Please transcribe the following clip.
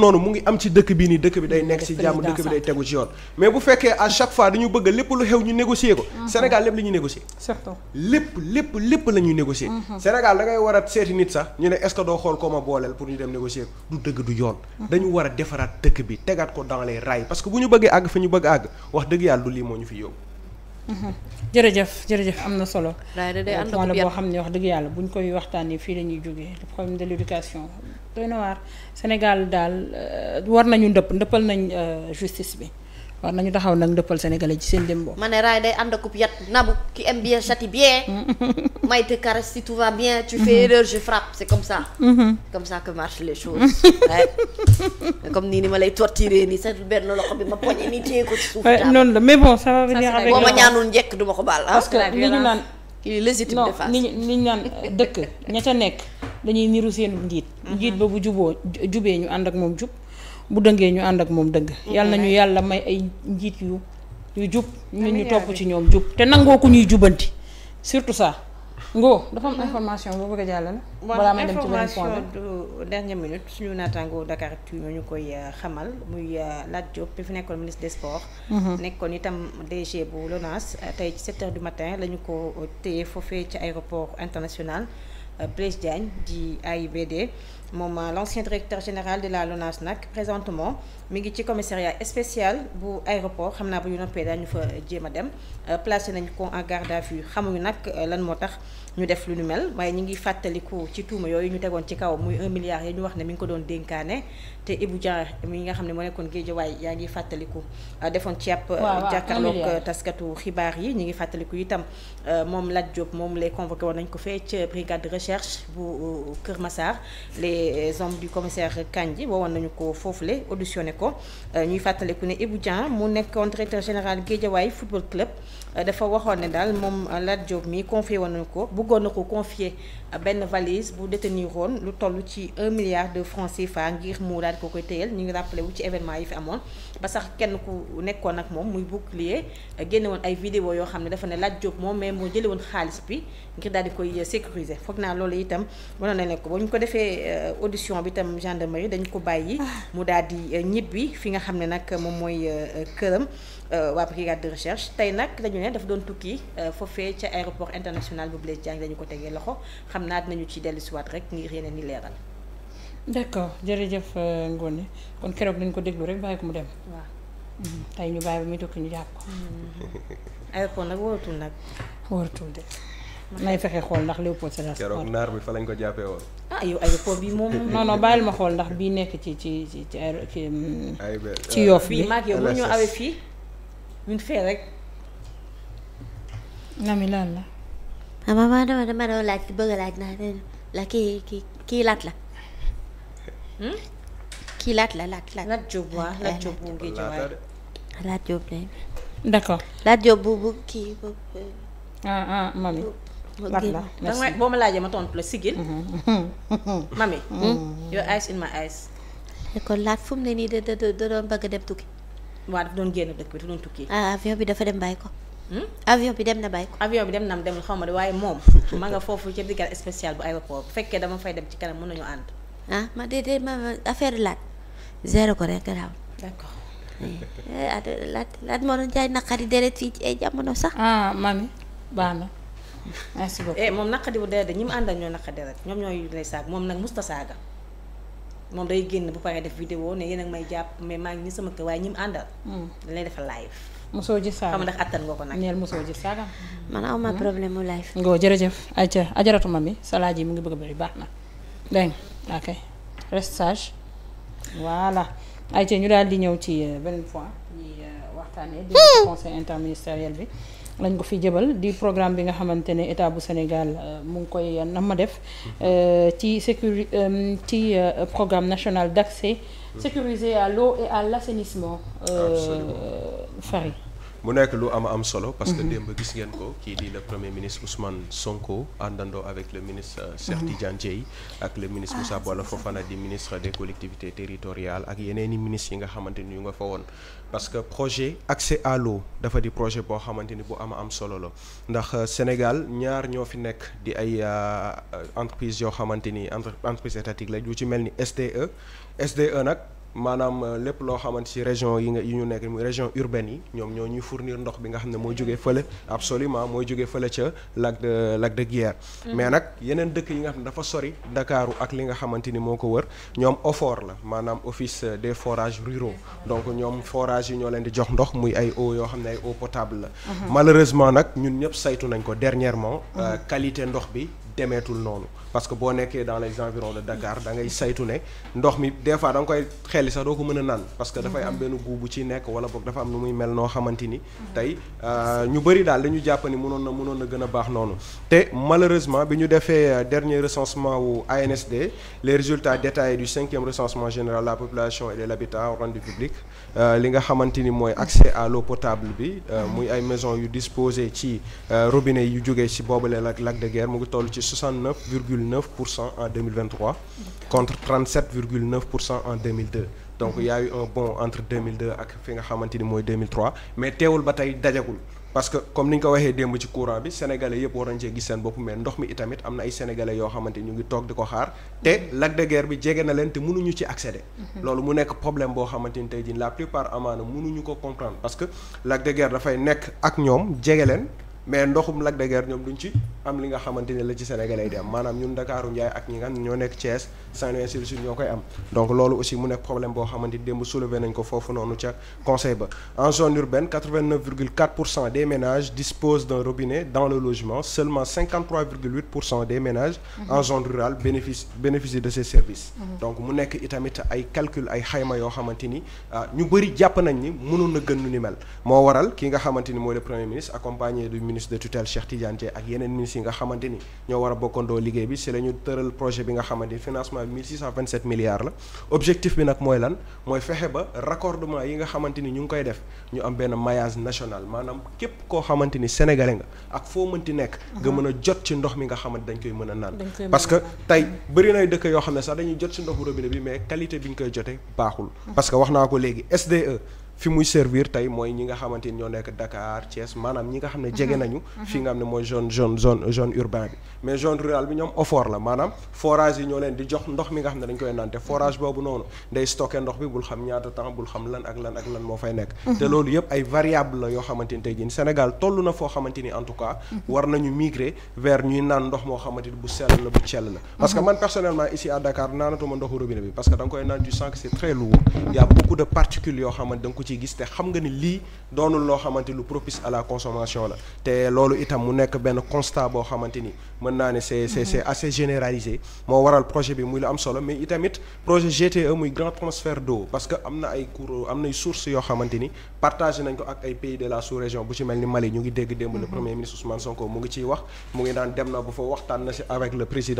noonu mu ngi am ci dëkk bi ni dëkk bi day nekk ci jàmm dëkk bi day tegu ci yoon mais bu fekkee à chaque fois dañu bëgg lépp lu xew ñu négocier ko mhm. Sénégal lépp la ñuy négocier surtout lépp lépp lépp la ñuy négocier mhm. Sénégal da ngay war a seeti nit sax ñu ne est xool ko ma booleel pour ñu dem négocier ko du dëgg du yoon mhm. dañu war a defaraat dëkk bi tegaat ko dans les rails parce que bu ñu bëggee àgg fi ñu bëgg àgg wax dëgg yàlla du lii moo ñu fi yóbbu jërëjëf jërëjëf am na solo. point la boo xam ne wax dëgg yàlla buñ koy waxtaanee fii la ñuy jógee le problème de l'éducation doy na waar Sénégal daal euh, war nañu ndëpp ndëppal nañ euh, justice bi. war nañu taxaw nag ndëppal sénégalais ci seen dem boobu. ma ne raay day ànd akub yat nabu qui aime bien châtie bien. may te caresse si tout va bien. tu fais erreur je frappe comme ça. Mhm. comme les choses. comme nii ni ma lay torturer nii sa benn loxo bi ma poñe nii téye ko ci suuf. noonu la mais bon ça va venir avec boo ma ñaanul njëkk ah. ñu ni ñu naan euh, dëkk ña ca nekk dañuy niru seen njiit. Mhm. njiit ba bu juboo jubee ñu ànd ak moom jub. bu dëngee ñu ànd ak moom dëgg. yàlla nañu yàlla may ay njiit yu yu jub. nit ñu topp ci ñoom jub te nangoo ku ñuy jubanti surtout ça. Ngo dafa am information boo bëgg a jàllale. balaa may dem ci beneen point bi suñu du dernière minute ñu koy euh, xamal muy euh, Lat Diop bi fi nekkoon ministre des sports. Mm-hmm. nekkoon itam DG bu LONASE euh, tey ci 7 heures du matin la ko téye foofee ci aéroport international Blaise Diagne di AIBD. moom euh, l'ancien directeur général de la LONASE nag présentement mi ngi ci commissariat spécial bu aéroport xam naa bu noppee daañu fa euh, jéem a dem euh, placé nañu ko en garde à vue xamuñu nag lan moo tax ñu def lu nu mel waaye ñu ngi fàttaliku ci tuuma yooyu ñu tegoon ci kaw muy un milliard yi ñu wax ne mi ngi ko doon dénkaane te Ibou Dia mi nga xam ne moo nekkoon Guédiawaye yaa ngi fàttaliku defoon ci ab jàkkaarloog taskatu xibaar yi ñu ngi fàttaliku itam moom Lat Diop moom lay convoqué woon nañ ko fee ca brigade de recherche bu Kër Massar les hommes du commissaire Kandji woowoon nañu ko foofule auditionné ko euh, ñuy fàttaliku ne Ibou Dian mu nekkoon directeur général Guédiawaye football club euh, dafa waxoon ne daal moom Lat Diop mii confie woon nañu ko bëggoon na ko confier benn valise bu détenir woon lu toll ci un milliard de francs CFA ngir mu daal ko koy téyal ñu ngi rappelé wu ci événement yi fi amoon ba sax kenn ku nekkoon ak moom muy bouclier euh, génne woon ay vidéo yoo xam ne dafa ne Lat Diop moom mais moo jële woon xaalis bi ngir daal di koy sécuriser foog naa loolu itam Euh, audition bi tam gendarmerie dañ ko bàyyi ah. mu daal di euh, ñibbi fi nga xam ne nag moom mooy euh, këram waa brigade de recherche tey nag dañu ne daf doon tukki foofee ca aéroport international bu Blaise Diagne dañu ko tegee loxo xam naa dinañu ci dellusiwaat rek ngir yeneen ni leeral. d'accord jërëjëf Ngoné kon keroog dañ ko déglu rek bàyyi ko mu dem. waa mm-hmm. tey ñu bàyyi ba muy tukki ñu jàpp ko. Mm-hmm. nag wóoratul nag. wóoratul de. nay fexe xool ndax Léopold fa lañ ko jàppee woon. ah yow aéroport bi moom non non bàyyil ma xool ndax bii nekk ci ci ci ci aéro ci. Mm, yoof bi maag yow mënuñoo awee fii ñun fee rek. Nami lan ah, laaj bëgg a laaj naa la kii kii kii laat la. Hmm? kii laat la laat laat. laat Diop waaw laat Diop bu ngi jiwaay. laat kii ah ah mami. lan la merci boo ma laajee ma tontu la sigil. mami. Mm. Hmm? yow ice in my ice. kon laat fu mu ne nii da da da doon bëgg dem tukki. waa daf doon génn dëkk bi daf doon tukki. ah avion bi dafa dem bàyyi ko. Hmm? avion bi dem na bàyyi ko. avion bi dem na dem xaw ma de waaye moom. ma nga foofu ci digal spécial bu aéroport bu fekkee dama fay dem ci kanam mën nañu ànd. ah ma de de ma affaire laat zéro ko rek garaaw. d'accord. Eh, eh, laat laat moo doon jaay naqari deret fii ci ay jamono sax. ah mami baax merci beaucoup eh, moom naqadi bu dee de ñi mu àndal ñoo naqadi rek ñoom ñooy lay saag moom nag musta saaga moom day génn bu paree def vidéo ne yéen may jàpp mais maa ngi ni sama kër waaye ñi mu àndal. Hmm. dañ lay defal live. mosoo ji saaga xam ndax attan nga ko nag. mosoo ji saaga. Hmm. man aw ma hmm. problème mu live. ngoo jërëjëf ayca ajaratu ma mi sa laaj yi mu ngi bëgg a bëri baax na dégg nga ok reste sage voilà ayca ñu daal di ñëw ci euh, benn point ñuy euh, waxtaanee. di conseil interministériel bi. lañ ko fi jëbal di programme bi nga xamante ne état bu Sénégal euh, mu ngi koy euh, na ma def euh, ci sécuri ci programme national d'accès sécurisé à l'eau et à l'assainissement fari bu nekk lu am am solo. parce que mhm. démb gis ngeen ko kii di le premier ministre Ousmane Sonko àndandoo avec le ministre euh, Cheikh mhm. Tidiane Dièye ak le ministre Moussa ah, Bola na di ministre de collectivités territoriales ak yeneen i ministres yi nga xamante ni ñu nga fa woon. parce que projet accès à dafa di projet boo xamante ni bu am am solo la ndax euh, Sénégal ñaar ñoo fi nekk di ay euh, entreprise yoo xamante ni entreprise étatique la yu ci mel ni SDE SDE nag. maanaam euh, lépp loo xamante ci région yi nga yi ñu nekk muy région urbaine yi ñoom ñoo ñuy fournir ndox bi nga xam ne moo jógee fële absolument moo jógee fële ca lac de lac de Guiers mm-hmm. mais nag yeneen dëkk yi nga xam ne dafa sori Ndakaaru ak li nga xamante ni moo ko wër ñoom OFOR la maanaam office euh, des forages ruraux donc ñoom forage yi ñoo leen di jox ndox muy ay eau yoo xam ne ay eau potable la mm-hmm. malheureusement nag ñun ñëpp saytu nañ ko dernièrement mm-hmm. euh, qualité ndox bi demeetul noonu parce que boo nekkee dans les environs de Dakar dangay ngay saytu ne ndox mi des fois da nga koy xelli sax doo ko mën a naan parce que dafay am mhm. benn guubu ci nekk wala boog dafa am nu muy mel noo xamante ni mhm. tey euh, ñu bëri daal dañu jàpp ni mënoon na mënoon na gën a baax noonu te malheureusement bi ñu defee euh, dernier recensement wu ANSD les résultat détaillés du cinquième recensement général la population et de l'habitat rendu public euh, li nga xamante ni mooy accès à potable bi muy ay maison yu disposé ci robinet yu jógee ci boobale lac lac de Guiers mu ci 69 virgule 9 pour cent en 2023 contre 37 virgule 9 pour cent en 2002 donc y a eu un bond entre 2002 ak fi nga xamante ni mooy 2003 mais teewul ba tey dajagul parce que comme ni nga ko waxee démb ci courant bi sénégalais yëpp war nañ cee gis seen bopp mais ndox mi itamit am na ay sénégalais yoo xamante ñu ngi toog di ko xaar te lac de guerre bi jege na leen te mënuñu ci accéder mm-hmm. loolu mu nekk problème boo xamante ni tey jii la plupart amaana mënuñu ko comprendre parce que lac de guerre dafay nekk ak ñoom jege leen mais ndoxum Lac de Guiers ñoom duñ ci am li nga xamante la ci sénégalais di maanaam ñun Ndakaaru Njaay ak ñi nga ñoo nekk Thiès ñoo koy am donc loolu aussi mu nekk problème boo xamante démb soulevé nañ ko foofu noonu ca conseil ba en zone des ménages disposent d'un robinet dans le logement seulement des ménages mhm. en zone rurale bénéficie de ces services mhm. donc mu nekk itamit ay calcul ay xayma yoo xamante ah, ñu bëri jàpp nañ ni mënoon na gën ministre de tutelle Cheikh Tidiane Dièye ak yeneen ministres yi nga xamante ni ñoo war a liggéey bi si la tëral projet bi nga xamante ni financement bi milliards la objectif bi nag mooy lan mooy fexe ba raccordement yi nga xamante ni ñu ngi koy def ñu am benn maillage national maanaam képp koo xamante ni sénégalais nga ak foo mënti nekk nga mën a jot ci ndox mi nga xamante dañ koy mën a naan parce que tey bëri nay dëkk yoo xam ne sax dañuy jot ci ndoxu robinet bi mais qualité bi ñu koy jotee fi muy servir tey mooy ñi nga xamante ni ñoo nekk Dakar Thiès maanaam ñi nga xam ne jege mhm. nañu mhm. fi nga xam ne mooy zone zone urbain bi mais zone rurale bi ñoom offort la maanaam forage yi ñoo leen di jox ndox mi nga xam ne dañ koy naan te forage boobu noonu day stocké ndox bi bul xam ñaata temps bul xam lan ak lan ak lan moo fay nekk mhm. te loolu yëpp ay variable la yoo xamante ni tey jii Sénégal toll na foo xamante en tout cas war nañu migrer vers ñuy naan moo xamante ni bu sell la bu ci gis te xam nga ni lii doonul loo xamante lu propice à la consommation la te loolu itam mu nekk benn constat boo xamante ni mën naa ne c'est c'est c'est assez généralisé moo waral projet bi muy lu am solo mais itamit projet GTE muy grand transfert d'eau parce que am na ay cours am nay sources yoo xamante ni partagé nañ ko ak ay pays de la sous-région bu ci mel ni Mali ñu ngi dégg démb le premier ministre Ousmane Sonko mu ngi ciy wax mu ngi naan dem na